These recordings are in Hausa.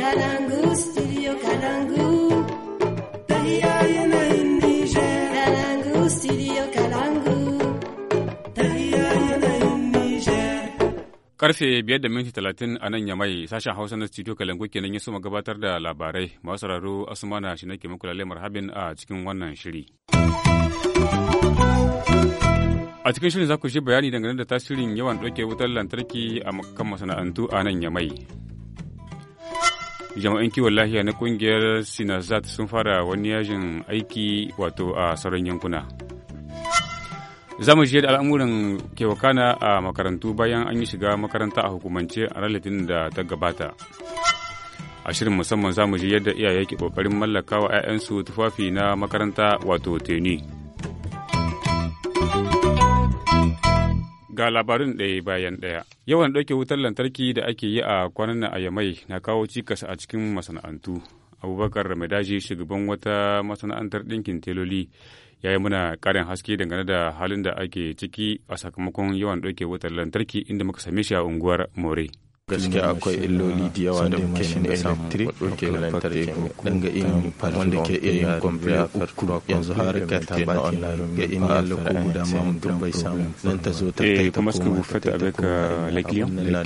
Kalangu, studio Kalangu. Tahia yana in Niger. Kalangu, studio Kalangu. Tahia yana in Karfe biyar da minti talatin a nan Yamai, sashen Hausa na studio Kalangu kenan ya suma gabatar da labarai. Masu sauraro Asmana shi nake muku lalle marhabin a cikin wannan shiri. A cikin shirin za ku ji bayani dangane da tasirin yawan ɗauke wutar lantarki a kan masana'antu a nan Yamai. jama'an kiwon lafiya na kungiyar sinazat sun fara wani yajin aiki wato a sauran yankuna za mu da al'amuran kewakana a makarantu bayan an yi shiga makaranta a hukumance a ralatin da ta gabata a shirin musamman za mu ji yadda iyaye ke ƙoƙarin mallakawa wa 'ya'yansu tufafi na makaranta wato teni. ga labarin ɗaya bayan ɗaya. Yawan ɗauke wutar lantarki da ake yi a kwanan a Yamai na kawo cikas a cikin masana'antu. Abubakar Ramadaji shugaban wata masana'antar ɗinkin teloli ya yi muna ƙarin haske dangane da halin da ake ciki a sakamakon yawan ɗauke wutar lantarki inda muka same shi a unguwar More. gaskiya akwai illoli ah, da yawa da muke da samu ɗauke lantarki dan ga in wanda ke iya yin kwamfiya uku yanzu har ka ta na online ga in ya lokko guda ma mutum bai samu nan ta zo ta kai eh, ta kuma ta ta kuma la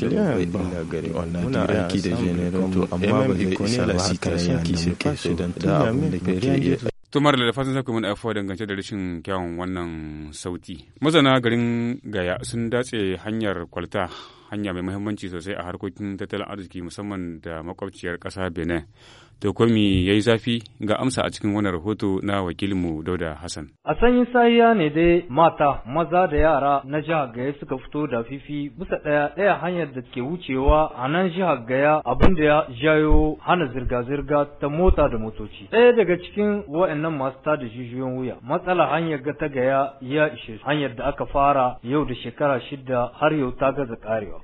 ta la ta muna aiki da eh, ta ta ta zai ta ba ta yanki ta ke ta don ta da ta iya tumar da fatan zaku mun afuwa dangance da rashin kyawun wannan sauti mazana garin gaya sun dace hanyar kwalta hanya mai muhimmanci sosai a harkokin tattalin arziki musamman da makwabciyar kasa benin To komi ya yi zafi ga amsa a cikin wani rahoto na wakilinmu Dauda Hassan. A sanyin sahiya ne dai mata, maza da yara na jihar Gaya suka fito da fifi bisa ɗaya ɗaya hanyar da ke wucewa a nan jihar Gaya abin da ya jayo hana zirga-zirga ta mota da motoci. Ɗaya daga cikin wa'annan masu da jijiyoyin wuya, matsala hanyar ga ta Gaya ya ishe hanyar da aka fara yau da shekara shida har yau ta gaza karewa.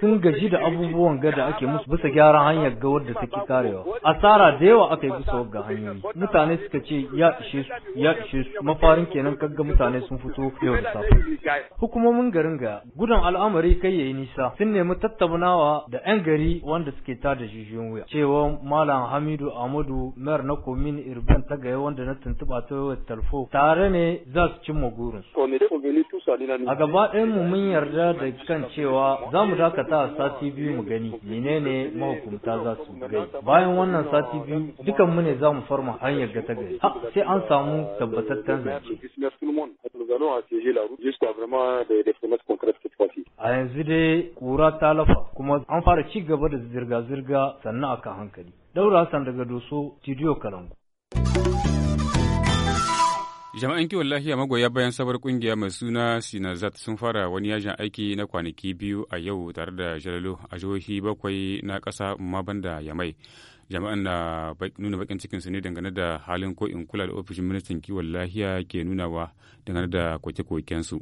Sun gaji da abubuwan gada ake musu bisa gyaran hanyar ga wadda take karewa asara da yawa aka yi bisa ga hanyoyi mutane suka ce ya ishe su ya ishe su mafarin kenan kaga mutane sun fito yau da safe hukumomin garin ga gudan al'amari kai yayi nisa sun nemi tattaunawa da yan gari wanda suke tada jijiyoyin wuya cewa malam Hamidu Ahmadu mayar na komin Irban ta gaya wanda na tuntuɓa ta yau talfo tare ne za su cimma gurin. A gaba ɗayan mu mun yarda da kan cewa za mu dakata a sati biyu mu gani menene mahukunta za su bayan wannan sati biyu dukan mu ne za mu farma hanyar ga ta gari sai an samu tabbatattan zance a yanzu dai kura ta lafa kuma an fara ci gaba da zirga-zirga sannan akan hankali daura san daga doso tidiyo kalangu Jama'an kiwon lafiya magoya bayan sabar kungiya mai suna Sinazat sun fara wani yajin aiki na kwanaki biyu a yau tare da Jalalo a jihohi bakwai na ƙasa ma banda mai Jama'an na nuna bakin cikin su ne dangane da halin ko in kula da ofishin ministan kiwon lafiya ke nunawa dangane da koke-koken su.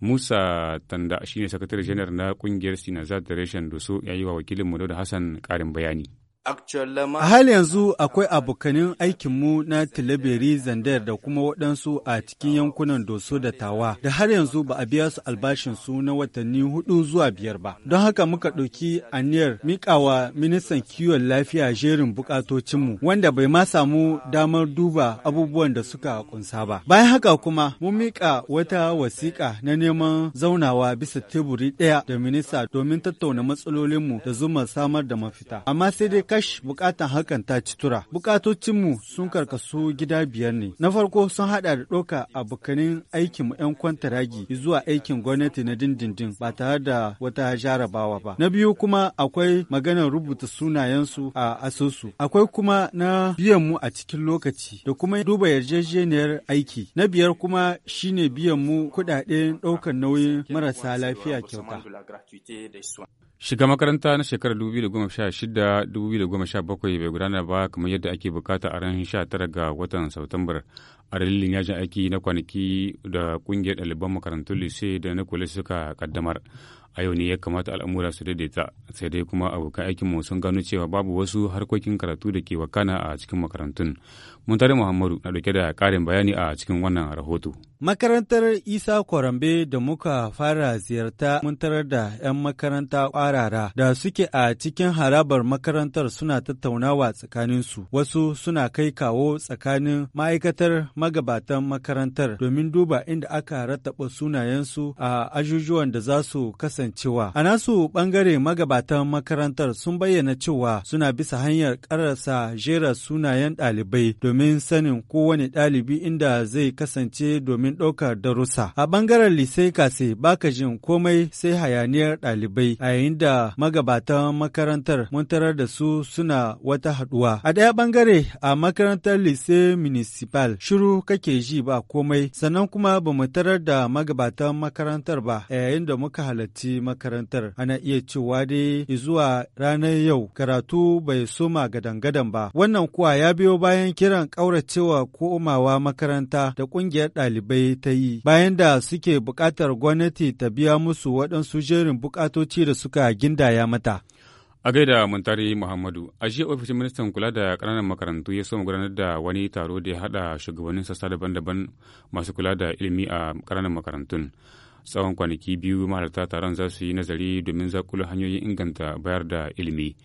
Musa Tanda shine sakatare janar na kungiyar Sinazat da reshen Doso ya yi wa wakilin da Hassan karin bayani. A hal yanzu akwai abokanin aikinmu na Tilaberi Zandar da kuma waɗansu a cikin yankunan Doso da Tawa da har yanzu ba a biya su albashinsu na watanni hudu zuwa biyar ba. Don haka muka ɗauki aniyar miƙawa ministan kiwon lafiya jerin bukatocinmu wanda bai ma samu damar duba abubuwan da suka kunsa ba. Bayan haka kuma mun miƙa wata wasiƙa na neman zaunawa bisa teburi ɗaya da minista domin tattauna matsalolinmu da zuma samar da mafita. Amma sai dai kash bukatan hakan ta ci tura. Bukatocinmu sun karkasu gida biyar ne. Na farko sun hada da ɗauka abokanin aikinmu 'yan kwantaragi zuwa aikin gwamnati na dindindin ba tare da wata jarabawa ba. Na biyu kuma akwai maganar rubuta sunayensu a asusu. Akwai kuma na biyan mu a cikin lokaci da kuma duba yarjejeniyar aiki. Na biyar kuma shine biyan mu kuɗaɗen ɗaukar nauyin marasa lafiya kyauta. Shiga makaranta na shekarar 2016-2017 bai gudana ba kamar yadda ake bukata a ran 19 ga watan Satumbar a dalilin yajin aiki na kwanaki da kungiyar ɗaliban makarantun lise da na kule suka kaddamar. a yau ne ya kamata al'amura su daidaita sai dai kuma abokan aikinmu sun gano cewa babu wasu harkokin karatu da ke wakana a cikin makarantun muntari muhammadu na dauke da karin bayani a cikin wannan rahoto makarantar isa kwarambe da muka fara ziyarta mun tarar da 'yan makaranta kwarara da suke a cikin harabar makarantar suna tattaunawa tsakaninsu wasu suna kai kawo tsakanin ma'aikatar magabatan makarantar domin duba inda aka rataba sunayensu a ajujuwan da za su kasance bayanin cewa a nasu bangare magabatan makarantar sun bayyana cewa suna bisa hanyar karasa jera sunayen ɗalibai domin sanin kowane ɗalibi inda zai kasance domin ɗaukar darussa. A bangaren lisai kase baka jin komai sai hayaniyar ɗalibai a yayin da magabatan makarantar mun tarar da su suna wata haɗuwa. A ɗaya bangare a makarantar lise municipal shiru kake ji ba komai sannan kuma ba mu tarar da magabatan makarantar ba a yayin da muka halarci yi makarantar ana iya cewa dai zuwa ranar yau karatu bai soma gadan-gadan ba wannan kuwa ya biyo bayan kiran ƙauracewa komawa makaranta da ƙungiyar ɗalibai ta yi bayan da suke buƙatar gwamnati ta biya musu waɗansu jerin buƙatoci da suka gindaya mata. A gaida Muntari Muhammadu, a jiya ofishin ministan kula da ƙananan makarantu ya soma gudanar da wani taro da ya haɗa shugabannin sassa daban-daban masu kula da ilimi a ƙananan makarantun. tsawon kwanaki biyu mahalarta taron za su yi nazari domin zakulu hanyoyin inganta bayar da ilimi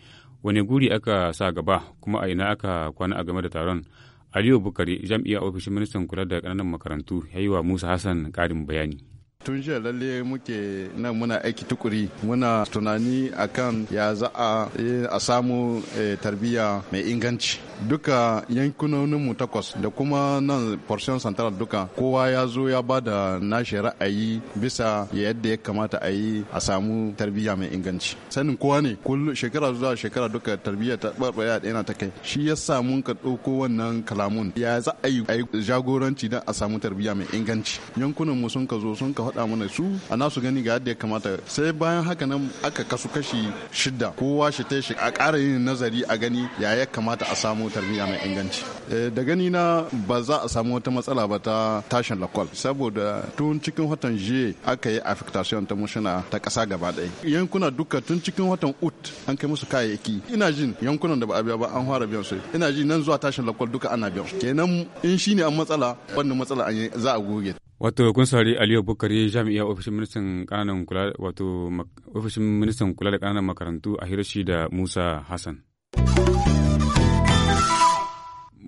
wani guri aka sa gaba kuma a ina aka kwana a game da taron aliyu bukari jam'iyyar ofishin ministan kula da ƙananan makarantu ya yi wa musa hassan ƙarin bayani tun jiya lalle muke nan muna aiki tukuri muna tunani akan ya za a eh, samu eh, tarbiyya mai inganci duka yankunoninmu takwas da kuma nan portion central duka kowa ya zo ya ba da nashi ra'ayi bisa yadda ya kamata a yi a samu tarbiyya mai inganci sanin kowa ne shekara zuwa shekara duka tarbiyya ta barbaya ɗaya ta kai shi ya samu ka ɗauko wannan kalamun ya za a yi jagoranci don a samu tarbiyya mai inganci yankunan sun ka zo sun ka faɗa mana su a nasu gani ga yadda ya kamata sai bayan haka nan aka kasu kashi shida kowa shi ta shi a ƙara yin nazari a gani ya ya kamata a samu tarbiyya mai inganci eh, da gani na ba za a samu wata matsala ba ta tashin lakwal saboda tun cikin watan je aka yi affectation ta mushina ta ƙasa gaba ɗaya yankuna duka tun cikin watan ut an kai musu kayayyaki ina jin yankunan da ba a biya ba an fara biyan su ina jin nan zuwa tashin lakwal duka ana biyan kenan in shine an matsala wannan matsala za a goge Wato kun saurari Aliyu Bukari jami'a ofishin ministan kananan kula wato ofishin ministan kula da kananan makarantu a Hiroshi da Musa Hassan.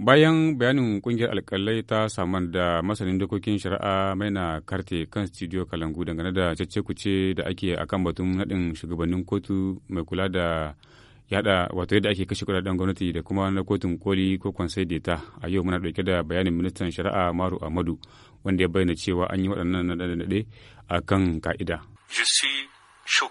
Bayan bayanin kungiyar alkalai ta saman da masanin dokokin shari'a maina karte kan studio Kalangu dangane da cece kuce da ake akan batun nadin shugabannin kotu mai kula da yada wato yadda ake kashe kudaden gwamnati da kuma na kotun koli ko kwansai data a yau muna dauke da bayanin ministan shari'a maru amadu wanda ya bayyana cewa an yi waɗannan naɗe-naɗe a kan ka'ida.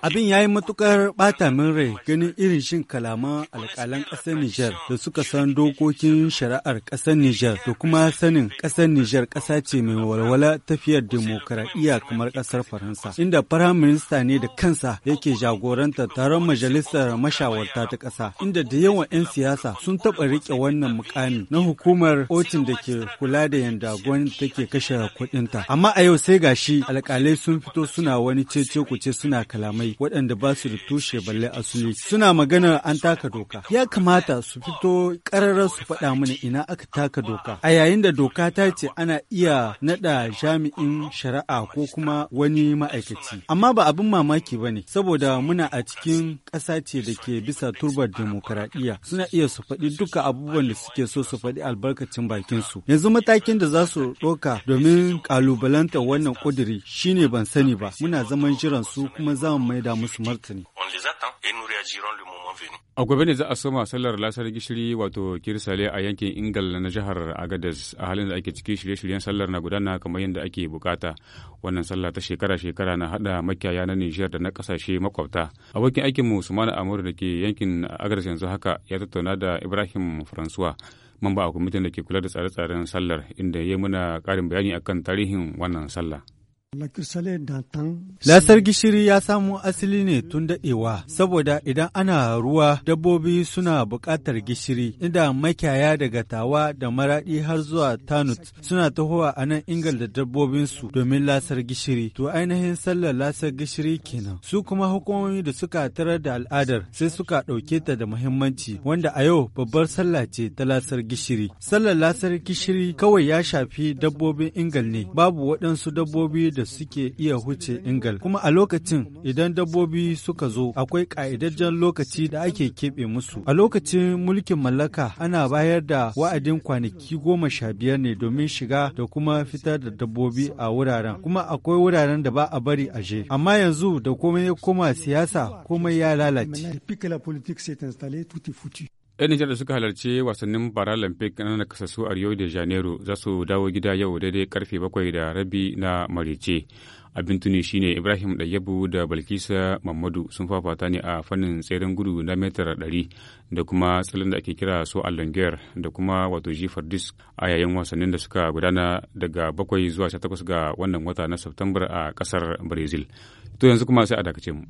Abin ya yi matukar ɓata min rai ganin irin shin kalaman alkalan ƙasar Nijar da suka san dokokin shari'ar ƙasar Nijar da kuma sanin ƙasar Nijar ƙasa ce mai walwala tafiyar demokaradiyya kamar ƙasar Faransa. Inda Firayim Minista ne da kansa yake jagoranta taron majalisar mashawarta ta ƙasa. Inda da yawan 'yan siyasa sun taɓa riƙe wannan mukami na hukumar otin da ke kula da yanda gwamnati take kashe kuɗinta. Amma a yau sai gashi alkalai sun fito suna wani cece kuce suna kala kalamai waɗanda ba su da tushe balle a asuli suna magana an taka doka ya kamata su fito ƙararra su faɗa mana ina aka taka doka a yayin da doka ta ce ana iya naɗa jami'in shari'a ko kuma wani ma'aikaci amma ba abin mamaki ba ne saboda muna a cikin ƙasa ce da ke bisa turbar demokaradiyya suna iya su faɗi duka abubuwan da suke so su faɗi albarkacin bakinsu yanzu matakin da za su ɗauka domin ƙalubalantar wannan ƙudiri shine ban sani ba muna zaman jiran su kuma za maida musu martani. A gobe ne za a soma sallar lasar gishiri wato kirsale a yankin Ingal na jihar Agadez a halin da ake ciki shirye-shiryen sallar na gudana kamar yadda ake bukata. Wannan sallah ta shekara-shekara na hada makiyaya na Nijar da na kasashe makwabta. Abokin aikin mu Sumana Amur da ke yankin Agadez yanzu haka ya tattauna da Ibrahim Francois mamba a kwamitin da ke kula da tsare-tsaren sallar inda ya muna karin bayani akan tarihin wannan sallah. Lasar gishiri ya samo asali ne tun daɗewa, saboda idan ana ruwa dabbobi suna buƙatar gishiri, inda makiyaya daga tawa da maraɗi har zuwa tanut suna tahowa a nan inganta dabbobinsu domin lasar gishiri. To ainihin sallar lasar gishiri kenan. Su kuma hukumomi da suka tarar da al'adar sai suka ɗauke ta da muhimmanci, wanda a yau babbar sallah ce ta lasar gishiri. Sallar lasar gishiri kawai ya shafi dabbobin ingal ne, babu waɗansu dabbobi da da suke iya huce ingal. Kuma a lokacin idan dabbobi suka zo akwai ka'idajjen lokaci da ake keɓe musu. A lokacin mulkin mallaka ana bayar da wa'adin kwanaki goma sha biyar ne domin shiga da kuma fitar da dabbobi a wuraren. Kuma akwai wuraren da ba a bari a Amma yanzu da komai ya koma siyasa komai ya lalace. 'Yan Nijar da suka halarci wasannin Paralympic na nakasassu a Rio de Janeiro za su dawo gida yau daidai karfe bakwai da rabi na marice. Abin tuni shine Ibrahim Ɗayyabu da Balkisa Mamadu sun fafata ne a fannin tseren gudu na metar ɗari da kuma tsalin da ake kira so alongiyar da kuma wato jifar disk a yayin wasannin da suka gudana daga bakwai zuwa sha takwas ga wannan wata na Septembar a kasar Brazil. To yanzu kuma sai a dakace mu.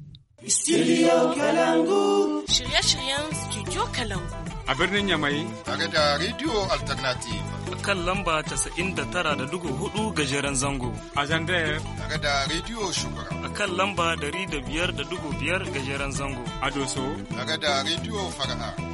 Kalangu. A birnin Yamai. Tare da Radio Alternative. A kan lamba 99.4 gajeren zango. A Zandaya. Tare da Radio Shugaba. A kan lamba 105.5 gajeren zango. A Doso. Tare da Radio Fara'a.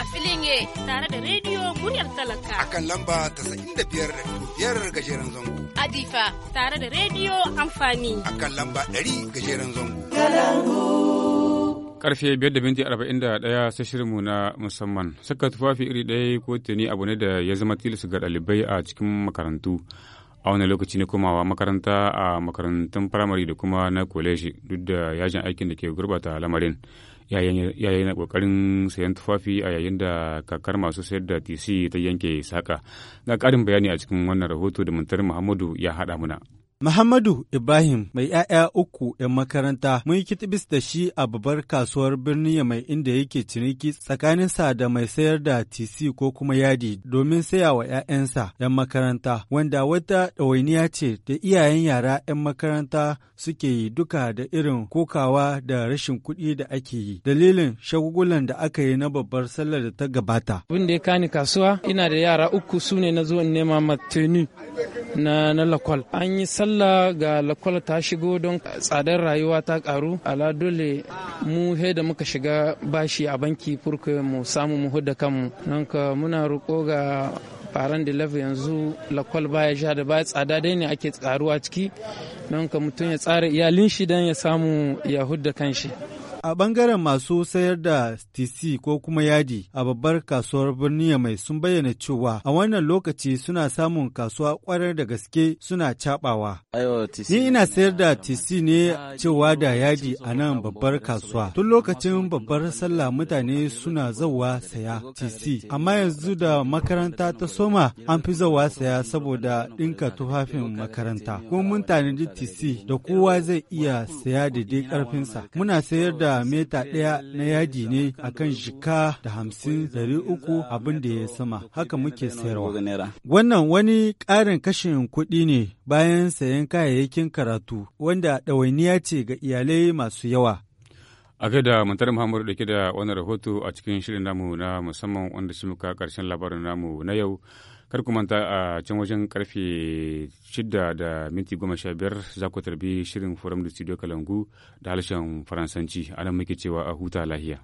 a filin ye tare da rediyo muryar talaka. A kan lamba ta da biyar da biyar gajeren zango. Adifa tare da rediyo amfani. A kan lamba ɗari gajeren zango. Karfe biyar da minti arba'in da ɗaya sai shirinmu na musamman. Saka tufafi iri ɗaya ko tuni abu ne da ya zama tilis ga ɗalibai a cikin makarantu. a wani lokaci na komawa makaranta a makarantun firamare da kuma na koleji duk da yajin aikin da ke gurbata lamarin yayin na kokarin sayan tufafi a yayin da kakar masu sayar da tc ta yanke saka ga karin bayani a cikin wannan rahoto da muntar muhammadu ya haɗa muna Muhammadu Ibrahim mai ‘ya'ya uku ‘yan makaranta mun yi kitibis da shi a babbar kasuwar birni mai inda yake ciniki tsakanin sa da mai sayar da tisi ko kuma yadi domin saya wa ‘ya'yansa ‘yan makaranta wanda wata ɗawainiya ce da iyayen yara ‘yan makaranta suke yi duka da irin kokawa da rashin kuɗi da ake yi dalilin shagugulan da aka yi na babbar sallar da ta gabata. Abin da ya kani kasuwa ina da yara uku su ne na zo in nema matenu na, na lakwal. An yi sallah ga lakwala ta shigo don tsadar rayuwa ta karu ala dole mu he da muka shiga bashi a banki furke mu samu mu hudda kanmu don ka muna roƙo ga faran da lafi yanzu lakwal baya sha da baya tsada dai ne ake karuwa ciki don ka mutum ya tsara iyalin shi don ya samu ya hudda kanshi A bangaren masu sayar da TC ko kuma yadi a babbar kasuwar birni mai sun bayyana cewa a wannan lokaci suna samun kasuwa kwarar da gaske suna cabawa. Ni ina sayar da TC ne cewa da yadi a nan babbar kasuwa. Tun lokacin babbar sallah mutane suna zawa saya TC. Amma yanzu da makaranta ta soma an fi zawa saya saboda ɗinka tufafin makaranta. Kuma mun tanadi TC da kowa zai iya saya da dai ƙarfinsa. Muna sayar da meta ɗaya na yadi ne a kan shika da hamsin dari uku abin da ya sama haka muke sayarwa. Wannan wani ƙarin kashin kuɗi ne bayan sayan kayayyakin karatu wanda ɗawainiya ce ga iyalai masu yawa. a da muntar muhammadu da ke da wani rahoto a cikin shirin namu na musamman wanda shi muka karshen labarin namu na yau kar ku manta a can wajen karfe shida da minti goma sha biyar za ku tarbi shirin forum da studio kalangu da harshen faransanci anan muke cewa a huta lahiya.